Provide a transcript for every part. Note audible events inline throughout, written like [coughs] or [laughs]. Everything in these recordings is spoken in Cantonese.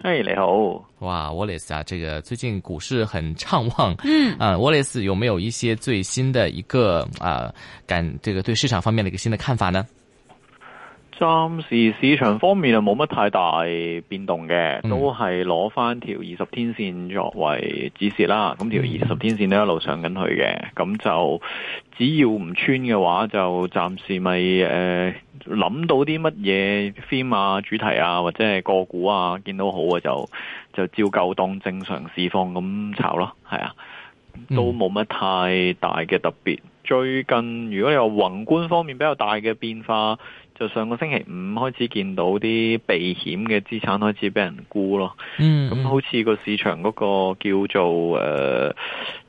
嘿、哎，你好！哇，Wallace 啊，這個最近股市很暢旺，嗯，啊，Wallace 有沒有一些最新的一個啊感，這個對市場方面的一個新的看法呢？暫時市場方面啊，冇乜太大變動嘅，都係攞翻條二十天線作為指示啦。咁條二十天線咧一路上緊去嘅，咁就只要唔穿嘅話，就暫時咪誒諗到啲乜嘢 theme 啊、主題啊或者係個股啊，見到好啊就就照舊當正常市況咁炒咯，係啊，都冇乜太大嘅特別。最近如果有宏觀方面比較大嘅變化。上個星期五開始見到啲避險嘅資產開始俾人沽咯，咁、嗯、好似個市場嗰個叫做誒、呃、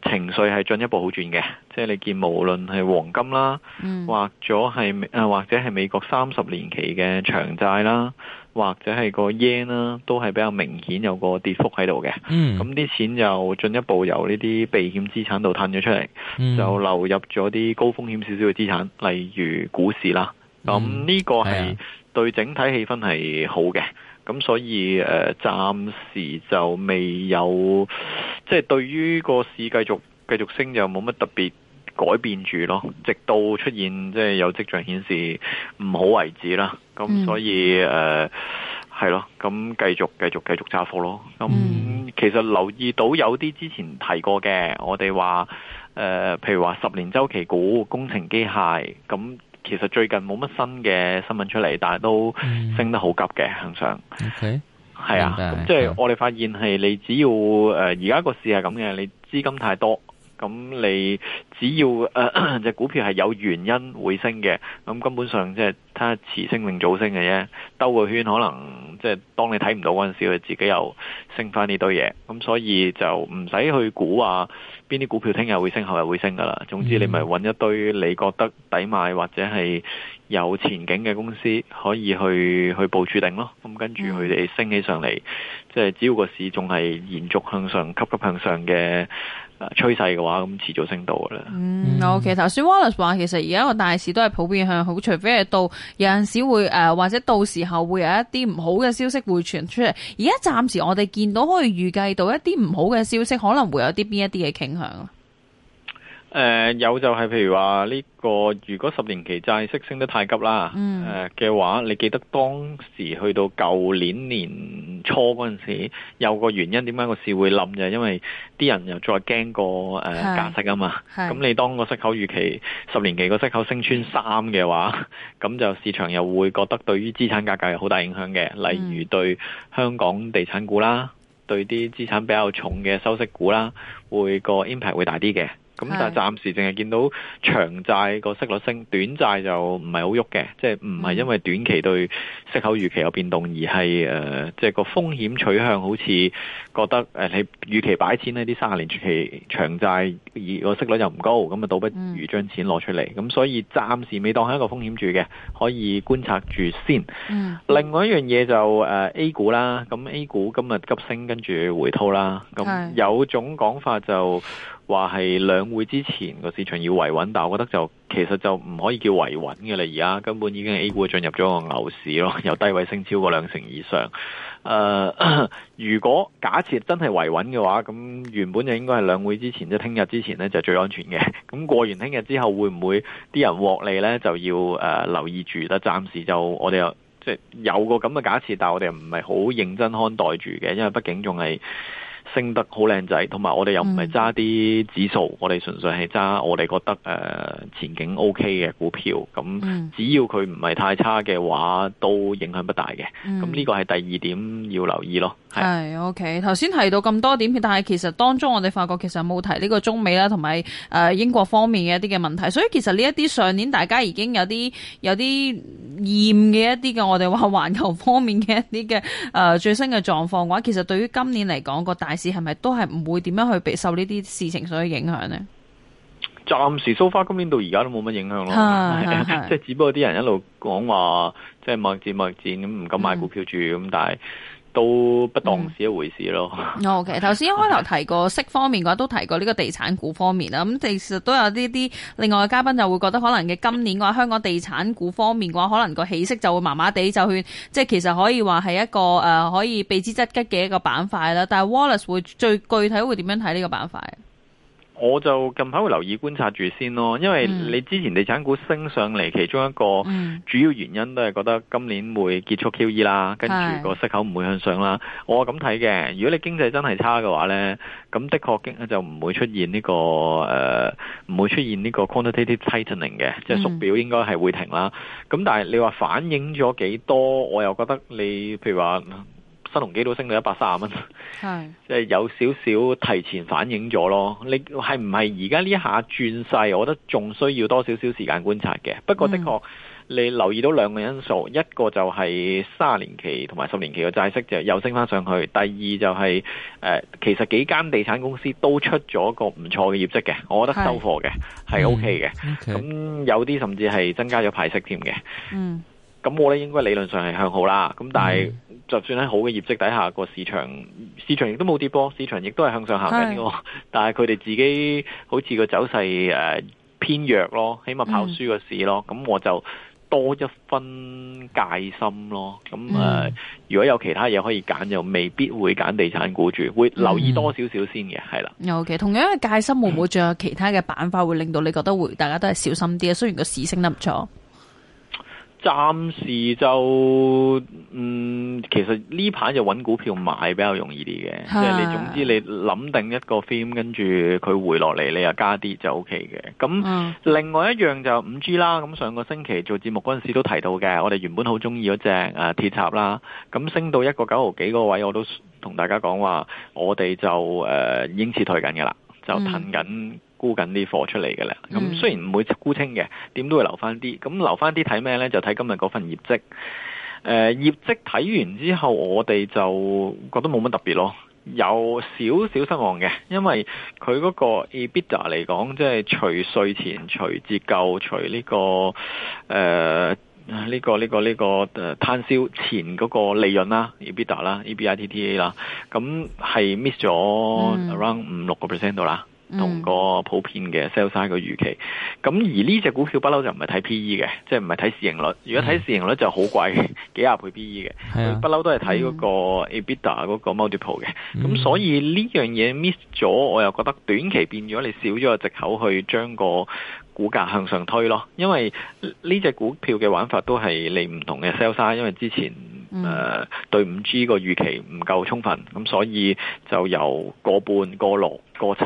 情緒係進一步好轉嘅，即係你見無論係黃金啦，或者係誒或者係、呃、美國三十年期嘅長債啦，或者係個 yen 啦，都係比較明顯有個跌幅喺度嘅，咁啲、嗯、錢又進一步由呢啲避險資產度褪咗出嚟，嗯、就流入咗啲高風險少少嘅資產，例如股市啦。咁呢個係對整體氣氛係好嘅，咁所以誒暫時就未有，即係對於個市繼續繼續升就冇乜特別改變住咯，直到出現即係有跡象顯示唔好為止啦。咁所以誒係咯，咁繼續繼續繼續揸貨咯。咁其實留意到有啲之前提過嘅，我哋話誒，譬如話十年周期股、工程機械咁。嗯其實最近冇乜新嘅新聞出嚟，但係都升得好急嘅向上。O K，係啊，明白，嗯、即係我哋發現係你只要誒而家個市係咁嘅，你資金太多。咁你只要誒只、就是，股票係有原因會升嘅，咁根本上即係睇下遲升定早升嘅啫，兜個圈可能即係當你睇唔到嗰陣時，佢自己又升翻呢堆嘢，咁所以就唔使去估啊邊啲股票聽日會升，後日會升噶啦。總之你咪揾一堆你覺得抵買或者係有前景嘅公司，可以去去部署定咯。咁跟住佢哋升起上嚟，即、就、係、是，只要個市仲係延續向上、急急向上嘅。趨勢嘅話，咁遲早升到嘅啦。嗯，OK，頭先 Wallace 話，其實而家個大市都係普遍向好，除非係到有陣時會誒、呃，或者到時候會有一啲唔好嘅消息會傳出嚟。而家暫時我哋見到可以預計到一啲唔好嘅消息，可能會有啲邊一啲嘅傾向。誒、呃，有就係譬如話呢、這個，如果十年期債息升得太急啦，嘅、呃嗯、話，你記得當時去到舊年年初嗰陣時，有個原因點解個市會冧就嘅？因為啲人又再驚個誒加息啊嘛。咁是、 [laughs] 嗯、你當個息口預期十年期個息口升穿三嘅話，咁 [laughs] 就市場又會覺得對於資產價格有好大影響嘅，例如對香港地產股啦，對啲資產比較重嘅收息股啦，會個 impact 會大啲嘅。咁但係暫時淨係見到長債個息率升，短債就唔係好喐嘅，即係唔係因為短期對息口預期有變動，而係誒，即、呃、係、就是、個風險取向好似覺得誒、呃，你預期擺錢呢啲三十年期長債而個息率又唔高，咁啊倒不如將錢攞出嚟，咁、嗯、所以暫時未當係一個風險住嘅，可以觀察住先。嗯、另外一樣嘢就誒、呃、A 股啦，咁 A 股今日急升，跟住回吐啦，咁有種講法就。話係兩會之前個市場要維穩，但我覺得就其實就唔可以叫維穩嘅啦。而家根本已經 A 股進入咗個牛市咯，由低位升超過兩成以上。誒、uh, [coughs] 如果假設真係維穩嘅話，咁原本就應該係兩會之前即係聽日之前呢就是，最安全嘅。咁 [laughs] 過完聽日之後會唔會啲人獲利呢？就要誒、uh, 留意住啦。暫時就我哋即係有個咁嘅假設，但係我哋唔係好認真看待住嘅，因為畢竟仲係。升得好靚仔，同埋我哋又唔係揸啲指數，嗯、我哋純粹係揸我哋覺得誒前景 OK 嘅股票，咁只要佢唔係太差嘅話，都影響不大嘅。咁呢個係第二點要留意咯。係、哎、OK。頭先提到咁多點，但係其實當中我哋發覺其實冇提呢個中美啦，同埋誒英國方面嘅一啲嘅問題。所以其實呢一啲上年大家已經有啲有啲厭嘅一啲嘅，我哋話環球方面嘅一啲嘅誒最新嘅狀況嘅話，其實對於今年嚟講個大市係咪都係唔會點樣去備受呢啲事情所影響呢？暫時收花今年到而家都冇乜影響咯，即係只不過啲人一路講話即係貿易戰貿易戰，咁唔敢買股票住咁，嗯、但係。都不當是一回事咯、嗯。OK，頭先開頭提過息方面嘅話，都提過呢個地產股方面啦。咁其實都有呢啲另外嘅嘉賓就會覺得可能嘅今年嘅話，香港地產股方面嘅話，可能個起色就會麻麻地，就係即係其實可以話係一個誒、呃、可以避之則吉嘅一個板塊啦。但係 Wallace 會最具體會點樣睇呢個板塊？我就近排會留意觀察住先咯，因為你之前地產股升上嚟，其中一個主要原因都係覺得今年會結束 QE 啦，跟住個息口唔會向上啦。是我咁睇嘅，如果你經濟真係差嘅話呢，咁的確經就唔會出現呢、呢個誒，唔、呃、會出現呢個 quantitative tightening 嘅，即係縮表應該係會停啦。咁是但係你話反映咗幾多，我又覺得你譬如話。新鴻基都升到一百三十蚊，即係是有少少提前反映咗咯。你係唔係而家呢下轉勢？我覺得仲需要多少少時間觀察嘅。不過的確，你留意到兩個因素，嗯、一個就係三年期同埋十年期嘅債息就又升翻上去。第二就係、是、誒、呃，其實幾間地產公司都出咗個唔錯嘅業績嘅，我覺得收貨嘅係 O K 嘅。咁有啲甚至係增加咗派息添嘅。咁、嗯、我咧應該理論上係向好啦。咁但係就算喺好嘅業績底下，個市場市場亦都冇跌波，市場亦都係向上行緊。的但係佢哋自己好似個走勢誒、呃、偏弱咯，起碼跑輸個市咯。咁、嗯、我就多一分戒心咯。咁、呃、誒，嗯、如果有其他嘢可以揀，又未必會揀地產股住，會留意多少少先嘅。係啦、嗯、的，OK。同樣嘅戒心會唔會仲有其他嘅板塊會令到你覺得會大家都係小心啲啊？雖然個市升得唔錯。暫時就嗯，其實呢排就揾股票買比較容易啲嘅，即係 [laughs] 你總之你諗定一個 theme，跟住佢回落嚟，你又加啲就 OK 嘅。咁 [laughs] 另外一樣就五 G 啦，咁上個星期做節目嗰陣時都提到嘅，我哋原本好中意嗰隻誒、啊、鐵塔啦，咁升到一個九毫幾嗰個位，我都同大家講話，我哋就誒應市退緊嘅啦，就騰緊。沽緊啲貨出嚟嘅啦，咁、嗯、雖然唔會沽清嘅，點都會留翻啲。咁留翻啲睇咩呢？就睇今日嗰份業績。誒、呃、業績睇完之後，我哋就覺得冇乜特別咯，有少少失望嘅，因為佢嗰個 EBITDA 嚟講，即係除稅前、除折舊、除呢、呢個誒呢、呃呢個呢、呢個呢、呢個誒攤銷前嗰個利潤啦 EBITDA 啦，EBITDA 啦，咁係 miss 咗 around 五六個 percent 度啦。嗯嗯同個普遍嘅 sales 人嘅預期，咁而呢隻股票不嬲就唔係睇 P/E 嘅，即係唔係睇市盈率。如果睇市盈率就好貴，幾廿倍 P/E 嘅，不嬲的都係睇嗰個 EBITDA 嗰個 multiple 嘅。咁的所以呢樣嘢 miss 咗，我又覺得短期變咗你少咗個藉口去將個股價向上推咯。因為呢隻股票嘅玩法都係你唔同嘅 sales 人，因為之前誒、嗯呃、對 5G 個預期唔夠充分，咁所以就由過半過落。個七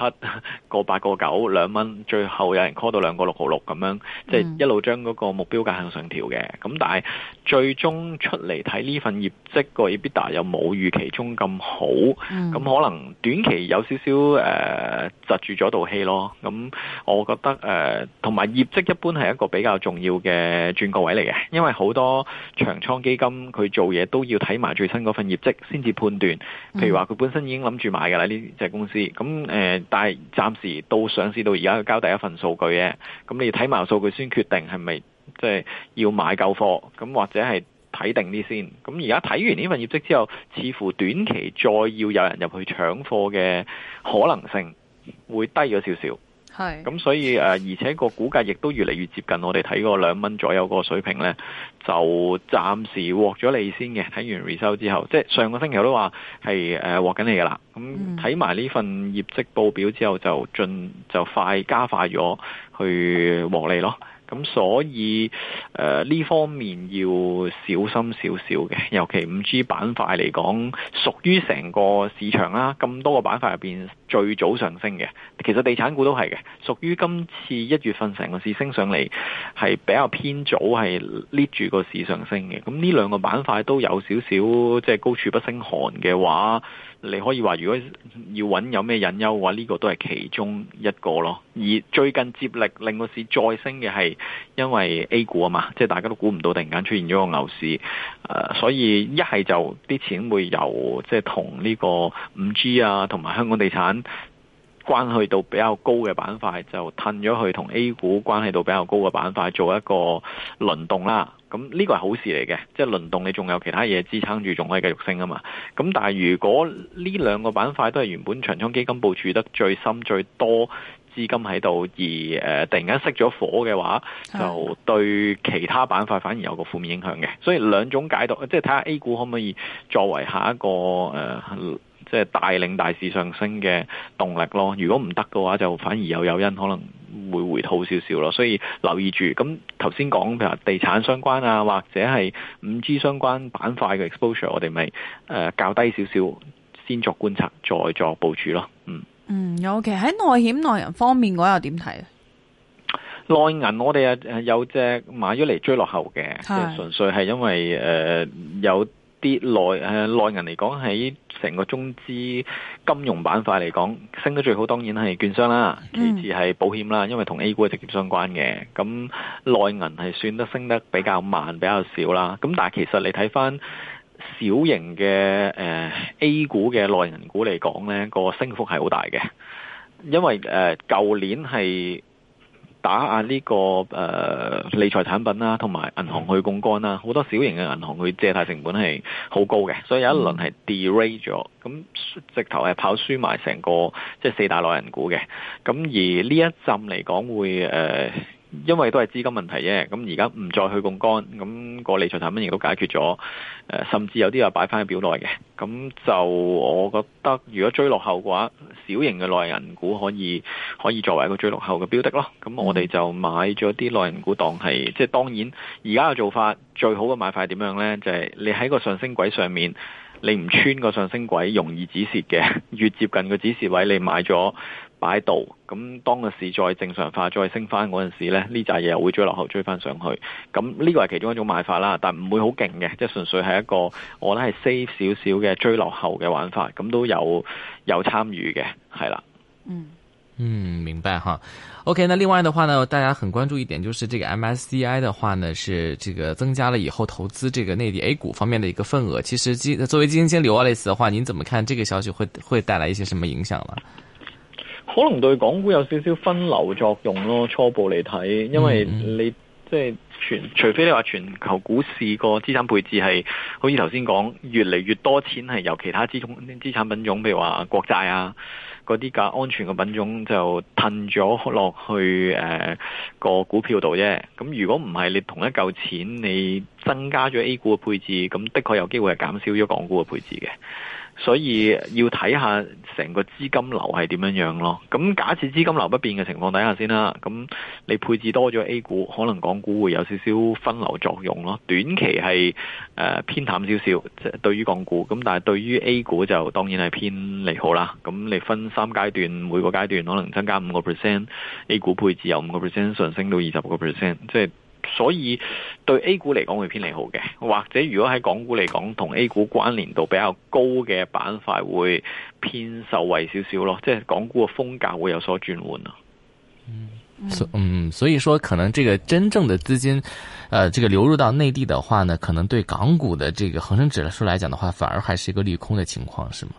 個八個九兩蚊，最後有人 call 到兩個六號六咁樣，即係一路將嗰個目標價向上調嘅。咁但係最終出嚟睇呢份業績個 EBITDA 又冇預期中咁好，咁、嗯、可能短期有少少誒窒住咗道氣咯。咁我覺得誒，同、呃、埋業績一般係一個比較重要嘅轉角位嚟嘅，因為好多長倉基金佢做嘢都要睇埋最新嗰份業績先至判斷。譬如話佢本身已經諗住買㗎喇呢隻公司，咁誒。呃誒，但係暫時到上市到而家去交第一份數據嘅，咁你要睇埋數據先決定係咪即係要買夠貨，咁或者係睇定啲先。咁而家睇完呢份業績之後，似乎短期再要有人入去搶貨嘅可能性會低咗少少。係，咁、嗯、所以誒、啊，而且個估價亦都越嚟越接近我哋睇個兩蚊左右個水平咧，就暫時獲咗利先嘅。睇完回 e 之後，即係上個星期我都話係誒獲緊利㗎啦。咁睇埋呢份業績報表之後，就進就快加快咗去獲利咯。咁所以，誒、呃、呢方面要小心少少嘅，尤其五 G 板塊嚟講，屬於成個市場啦。咁多個板塊入邊最早上升嘅，其實地產股都係嘅，屬於今次一月份成個市升上嚟，係比較偏早，係拎住個市上升嘅。咁呢兩個板塊都有少少即係高處不勝寒嘅話。你可以話，如果要揾有咩隱憂嘅話，呢個都係其中一個咯。而最近接力令個市再升嘅係因為 A 股啊嘛，即係大家都估唔到突然間出現咗個牛市，呃、所以一係就啲錢會由即係同呢個五 G 啊，同埋香港地產關係到比較高嘅板塊，就褪咗去同 A 股關係到比較高嘅板塊做一個輪動啦。咁呢個係好事嚟嘅，即係輪動你仲有其他嘢支撐住，仲可以繼續升啊嘛。咁但係如果呢兩個板塊都係原本長倉基金部署得最深、最多資金喺度，而誒、呃、突然間熄咗火嘅話，就對其他板塊反而有個負面影響嘅。所以兩種解讀，即係睇下 A 股可唔可以作為下一個誒。呃即係帶領大市上升嘅動力咯，如果唔得嘅話，就反而又有，誘因可能會回吐少，少少咯，所以留意住。咁頭先講譬如地產相關啊，或者係五 G 相關板塊嘅 exposure，我哋咪誒較低少少，先作觀察，再作部署咯。嗯。嗯，OK。喺內險內銀方面，我又點睇？內銀我哋啊有隻買咗嚟追落後嘅，純粹係因為誒、呃、有。啲內誒、呃、內銀嚟講，喺成個中資金融板塊嚟講，升得最好當然係券商啦，其次係保險啦，因為同 A 股直接相關嘅。咁內銀係算得升得比較慢，比較少啦。咁但係其實你睇翻小型嘅誒、呃、A 股嘅內銀股嚟講呢、個升幅係好大嘅，因為誒、呃、舊年係。打壓呢、這個誒、呃、理財產品啦，同埋銀行去槓桿啦，好多小型嘅銀行去借貸成本係好高嘅，所以有一輪係 derate 咗，咁直頭係跑輸埋成個即係、就是、四大內銀股嘅。咁而呢一陣嚟講會誒。呃因為都係資金問題啫，咁而家唔再去槓桿，咁、那個理財產品亦都解決咗、呃，甚至有啲話擺翻喺表內嘅，咁就我覺得，如果追落後嘅話，小型嘅內銀股可以可以作為一個追落後嘅標的咯。咁我哋就買咗啲內銀股當係，即、就、係、是、當然而家嘅做法最好嘅買法係點樣呢？就係、是、你喺個上升軌上面，你唔穿個上升軌容易止蝕嘅， [laughs] 越接近個止蝕位你買咗。擺度，咁當個市再正常化、再升翻嗰陣時咧，呢扎嘢又會追落後、追翻上去。咁呢個係其中一種買法啦，但唔會好勁嘅，即係純粹係一個我覺得係 safe 少少嘅追落後嘅玩法。咁都有有參與嘅，係啦。嗯嗯，明白哈。OK，那另外嘅話呢，大家很關注一點，就是這個 MSCI 嘅話呢，是這個增加了以後投資這個內地 A 股方面的一個份額。其實金作為基金經理 Alice 的話，您怎麼看這個消息會會帶來一些什麼影響啦？可能對港股有少少分流作用咯，初步嚟睇，因為你即係全，除非你話全球股市個資產配置係，好似頭先講，越嚟越多錢係由其他資種資產品種，譬如話國債啊，嗰啲㗎安全嘅品種就褪咗落去誒、呃、個股票度啫。咁如果唔係，你同一嚿錢你增加咗 A 股嘅配置，咁的確有機會係減少咗港股嘅配置嘅。所以要睇下成個資金流係點樣樣咯。咁假設資金流不變嘅情況底下先啦。咁你配置多咗 A 股，可能港股會有少少分流作用咯。短期係誒、呃、偏淡少少，即係對於港股。咁但係對於 A 股就當然係偏利好啦。咁你分三階段，每個階段可能增加五個 percent A 股配置，由五個 percent 上升到二十個 percent，即係。所以對 A 股嚟講會偏利好嘅，或者如果喺港股嚟講同 A 股關聯度比較高嘅板塊會偏受惠少少咯，即係港股嘅風格會有所轉換咯。嗯，嗯，所以說可能這個真正的資金，誒、呃，這個流入到內地的話呢，可能對港股的這個恒生指數來講的話，反而還是一個利空的情況，是嗎？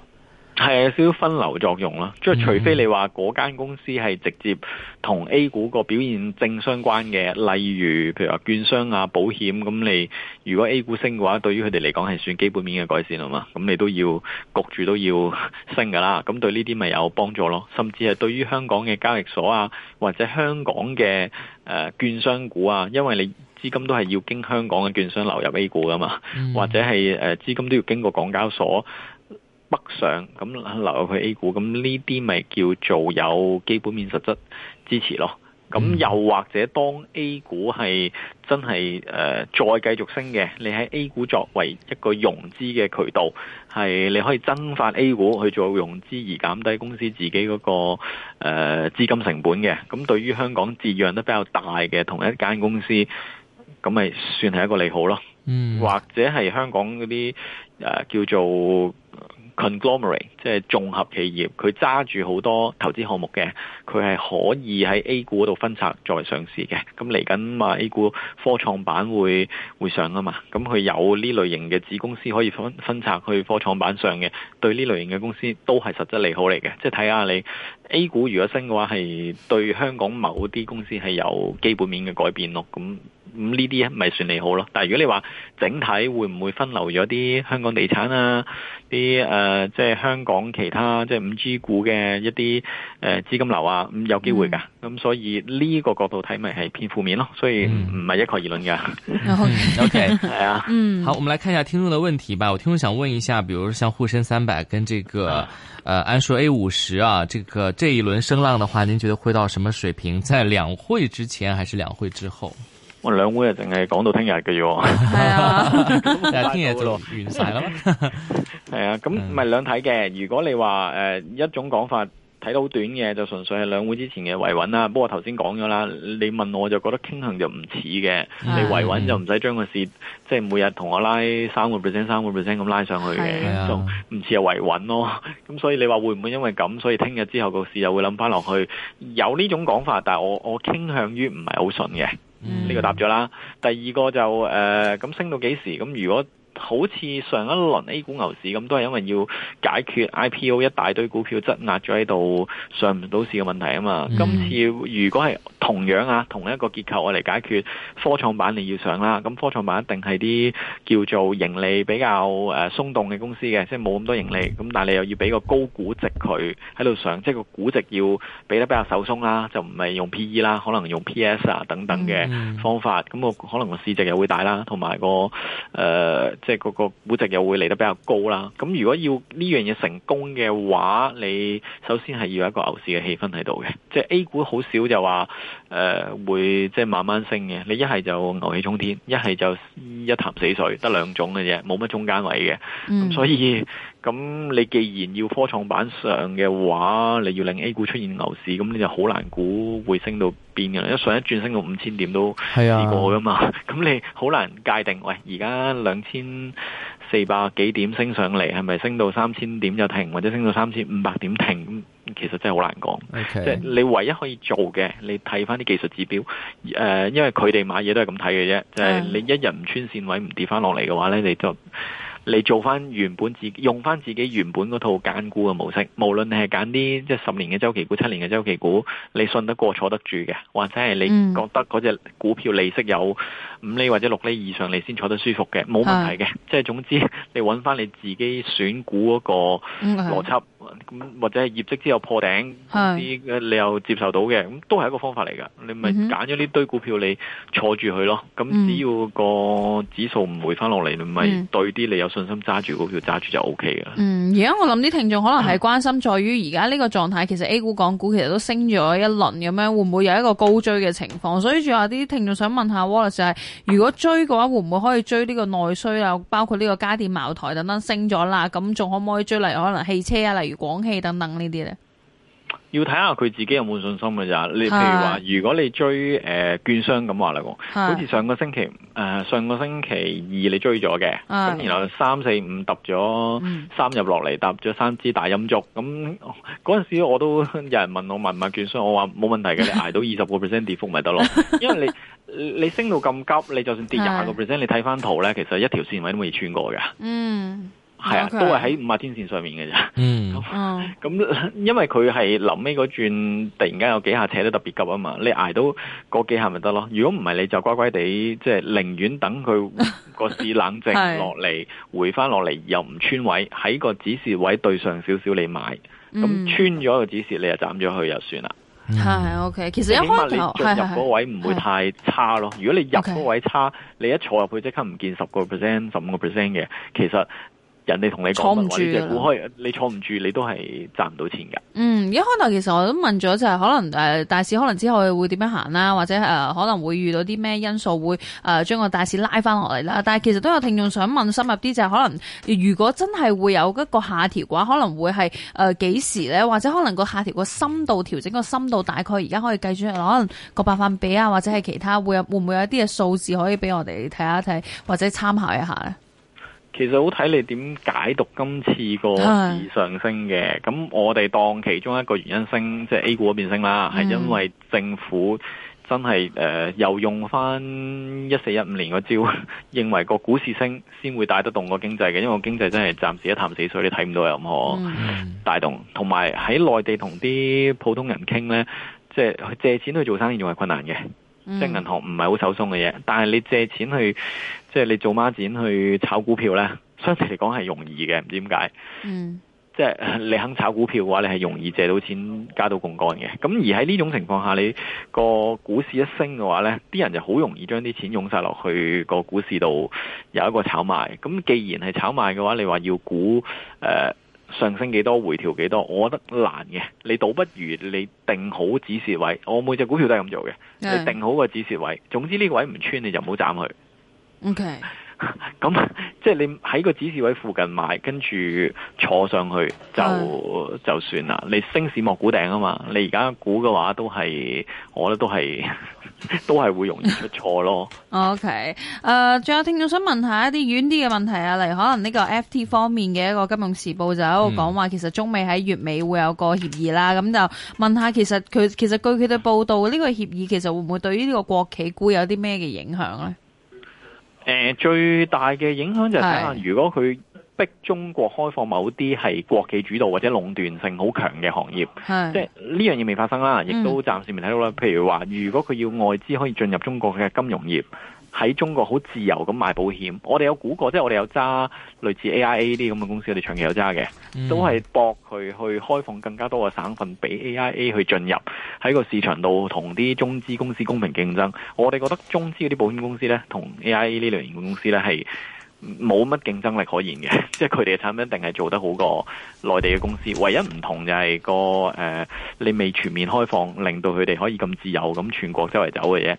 係啊，少少分流作用咯，即係除非你話嗰間公司係直接同 A 股個表現正相關嘅，例如譬如話券商啊、保險咁，你如果 A 股升嘅話，對於佢哋嚟講係算基本面嘅改善啊嘛，咁你都要焗住都要升噶啦，咁對呢啲咪有幫助咯？甚至係對於香港嘅交易所啊，或者香港嘅誒券商股啊，因為你資金都係要經香港嘅券商流入 A 股噶嘛，或者係誒資金都要經過港交所。北上咁流入去 A 股，咁呢啲咪叫做有基本面實質支持咯？咁又或者當 A 股係真係誒、呃、再繼續升嘅，你喺 A 股作為一個融資嘅渠道，係你可以增發 A 股去做融資，而減低公司自己嗰個、呃、資金成本嘅。咁對於香港折讓得比較大嘅同一間公司，咁咪算係一個利好咯。嗯、或者係香港嗰啲誒叫做。Conglomerate 即係綜合企業，佢揸住好多投資項目嘅，佢係可以喺 A 股度分拆作為上市嘅。咁嚟緊啊，A 股科創板會會上啊嘛，咁佢有呢類型嘅子公司可以分分拆去科創板上嘅，對呢類型嘅公司都係實質利好嚟嘅。即係睇下你 A 股如果升嘅話，係對香港某啲公司係有基本面嘅改變咯。咁。咁呢啲咪算利好咯，但係如果你話整體會唔會分流咗啲香港地產啊，啲誒、呃、即係香港其他即係五 G 股嘅一啲誒資金流啊，咁有機會噶，咁、嗯、所以呢個角度睇咪係偏負面咯，所以唔係一概而論嘅。O K，好， [laughs] 嗯 okay. 好，我們來看一下聽眾嘅問題吧。我聽眾想問一下，比如像滬深三百跟這個誒、呃、安碩 A 五十啊，這個這一輪升浪的話，您覺得會到什麼水平？在兩會之前，還是兩會之後？我兩會 [laughs] 就 [laughs] 啊，淨係講到聽日嘅啫，係啊，聽日就完晒啦。係啊，咁唔係兩睇嘅。如果你話誒、呃、一種講法睇到好短嘅，就純粹係兩會之前嘅維穩啦。不過頭先講咗啦，你問我就覺得傾向就唔似嘅。你維穩就唔使將個市即係每日同我拉三個 percent、三個 percent 咁拉上去嘅，仲唔似係維穩咯。咁所以你話會唔會因為咁，所以聽日之後個市又會諗翻落去？有呢種講法，但係我我傾向於唔係好順嘅。呢、嗯、個答咗啦。第二個就誒，咁、呃、升到幾時？咁如果好似上一輪 A 股牛市咁，都係因為要解決 IPO 一大堆股票積壓咗喺度上唔到市嘅問題啊嘛。Mm hmm. 今次如果係同樣啊，同一個結構我嚟解決，科創板你要上啦。咁科創板一定係啲叫做盈利比較誒鬆動嘅公司嘅，即係冇咁多盈利，咁但係你又要俾個高估值佢喺度上，即係個估值要俾得比較手鬆啦，就唔係用 P E 啦，可能用 P S 啊等等嘅方法。咁個可能個市值又會大啦，同埋個誒。呃即係嗰個估值又會嚟得比較高啦。咁如果要呢樣嘢成功嘅話，你首先係要有一個牛市嘅氣氛喺度嘅。即係 A 股好少就話誒會即係慢慢升嘅。你一係就牛氣沖天，一係就一潭死水，得兩種嘅啫，冇乜中間位嘅。嗯，所以。咁你既然要科創板上嘅話，你要令 A 股出現牛市，咁你就好難估會升到邊嘅。一上一轉升到五千點都試過噶嘛，咁、啊、你好難界定。喂，而家兩千四百幾點升上嚟，係咪升到三千點就停，或者升到三千五百點停？其實真係好難講。即係 Okay. 你唯一可以做嘅，你睇翻啲技術指標。誒、呃，因為佢哋買嘢都係咁睇嘅啫，就係、是、你一日唔穿線位唔跌翻落嚟嘅話咧，你就。你做翻原本自己用翻自己原本嗰套揀股嘅模式，無論你係揀啲即係十年嘅週期股、七年嘅週期股，你信得過坐得住嘅，或者係你覺得嗰隻股票利息有五厘或者六厘以上你先坐得舒服嘅，冇問題嘅。即係是的 總之，你揾翻你自己選股嗰個邏輯。咁或者係業績之後破頂啲，你又接受到嘅，咁都係一個方法嚟㗎。你咪揀咗呢堆股票，你坐住佢咯。咁只要個指數唔回翻落嚟，你咪對啲，你有信心揸住股票揸住就 OK 㗎。嗯，而家我諗啲聽眾可能係關心在於而家呢個狀態，其實 A 股港股其實都升咗一輪咁樣，會唔會有一個高追嘅情況？所以仲有啲聽眾想問下 Wallace 係，如果追嘅話，會唔會可以追呢個內需啊？包括呢個家電、茅台等等升咗啦，咁仲可唔可以追？例如可能汽車啊，例如廣汽等等呢啲咧，要睇下佢自己有冇信心噶咋？的你譬如話，如果你追誒券、呃、商咁話嚟講，好似的上個星期誒、呃、上個星期二你追咗嘅，咁的然後三四五揼咗三日落嚟，揼咗三支大陰燭，咁嗰陣時我都有人問我買唔買券商，我話冇問題嘅，你捱到二十個 percent 跌幅咪得咯， [laughs] 因為你你升到咁急，你就算跌廿個 percent，你睇翻圖咧，其實一條線位都未穿過嘅，嗯。係啊，都係喺五十天線上面嘅咋， [laughs] 嗯，咁、哦， [laughs] 因為佢係臨尾嗰轉，突然間有幾下扯得特別急啊嘛。你捱到個幾下咪得咯。如果唔係，你就乖乖地，即係寧願等佢個市冷靜落嚟， [laughs] 是回翻落嚟又唔穿位，喺個指示位對上少少你買。咁、嗯嗯嗯、穿咗個指示，你就斬咗去就算啦。係 OK、嗯。其實一開就你進入嗰位唔會太差咯。如果你入嗰位差，你一坐入去即刻唔見十個 percent、十五個 percent 嘅，其實。人哋同你講，坐住或者只你坐唔住，你都係賺唔到錢嘅。嗯，而家開頭其實我都問咗、就是，就係可能誒大市可能之後會點樣行啦，或者誒、呃、可能會遇到啲咩因素會誒將個大市拉翻落嚟啦。但係其實都有聽眾想問深入啲、就是，就係可能如果真係會有一個下調嘅話，可能會係誒幾時咧？或者可能個下調，個深度調整個深度大概而家可以計算，可能個百分比啊，或者係其他會會唔會有一啲嘅數字可以俾我哋睇一睇或者參考一下咧？其實好睇你點解讀今次個市上升嘅。咁 [noise] 我哋當其中一個原因升，即係 A 股嗰邊升啦，係 [noise] 因為政府真係呃，又用翻一四一五年個招， [laughs] 認為個股市升先會帶得動個經濟嘅，因為個經濟真係暫時一潭死水，你睇唔到有任何帶動。同埋喺內地同啲普通人傾呢，即係借錢去做生意仲係困難嘅， [noise] [noise] 即係銀行唔係好手鬆嘅嘢，但係你借錢去。即係你做孖展去炒股票呢，相對嚟講係容易嘅，唔知點解。嗯，即係你肯炒股票嘅話，你係容易借到錢加到槓桿嘅。咁而喺呢種情況下，你個股市一升嘅話呢，啲人就好容易將啲錢湧晒落去個股市度有一個炒賣。咁既然係炒賣嘅話，你話要估，呃、上升幾多，回調幾多，我覺得難嘅。你倒不如你定好止蝕位，我每隻股票都係咁做嘅，你定好個止蝕位。嗯、總之呢個位唔穿，你就唔好斬佢。OK，咁 [laughs] 即係你喺個指示位附近買，跟住坐上去就、嗯、就算啦。你升市莫估頂啊嘛。你而家估嘅話都係，我覺得都係 [laughs] 都係會容易出錯咯。OK，誒、呃，仲有聽眾想問一下一啲遠啲嘅問題啊，例如可能呢個 F.T. 方面嘅一個金融時報就喺度講話，其實中美喺月尾會有個協議啦。咁就問下其，其實佢其實據佢哋報道，呢、這個協議其實會唔會對於呢個國企股有啲咩嘅影響咧？最大嘅影響就係睇下，如果佢逼中國開放某啲係國企主導或者壟斷性好強嘅行業， [noise] 即係呢樣嘢未發生啦，亦都暫時未睇到啦。譬如話，如果佢要外資可以進入中國嘅金融業。喺中國好自由咁賣保險，我哋有估過，即係我哋有揸類似 AIA 啲咁嘅公司，我哋長期有揸嘅，嗯、都係搏佢去開放更加多嘅省份，俾 AIA 去進入喺個市場度同啲中資公司公平競爭。我哋覺得中資嗰啲保險公司呢，同 AIA 呢類型公司呢，係冇乜競爭力可言嘅，即係佢哋嘅產品一定係做得好過內地嘅公司。唯一唔同就係個誒、呃，你未全面開放，令到佢哋可以咁自由咁全國周圍走嘅嘢。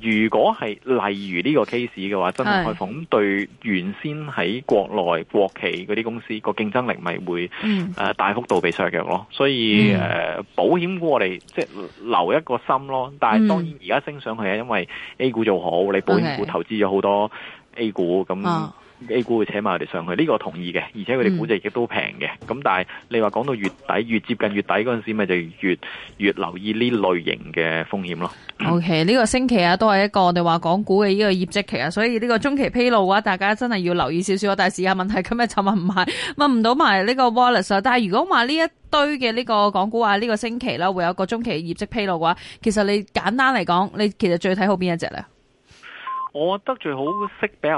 如果係例如呢個 case 嘅話，真係開放咁，對原先喺國內國企嗰啲公司個競爭力咪會誒大幅度被削弱咯。嗯、所以誒、呃，保險股我哋即係留一個心咯。但係當然而家升上去係因為 A 股做好，你保險股投資咗好多 A 股咁。A 股會扯埋我哋上去，呢、這個同意嘅，而且佢哋估值亦都平嘅。咁、嗯、但係你話講到月底，越接近月底嗰陣時，咪就越越留意呢類型嘅風險咯。O K，呢個星期啊，都係一個我哋話港股嘅呢個業績期啊，所以呢個中期披露嘅話，大家真係要留意少少啊。但係時間問題，今日就問唔買，問唔到埋呢個 Wallace 啊。但係如果話呢一堆嘅呢個港股啊，呢、這個星期啦、啊、會有個中期業績披露嘅話，其實你簡單嚟講，你其實最睇好邊一隻咧？我覺得最好識比較。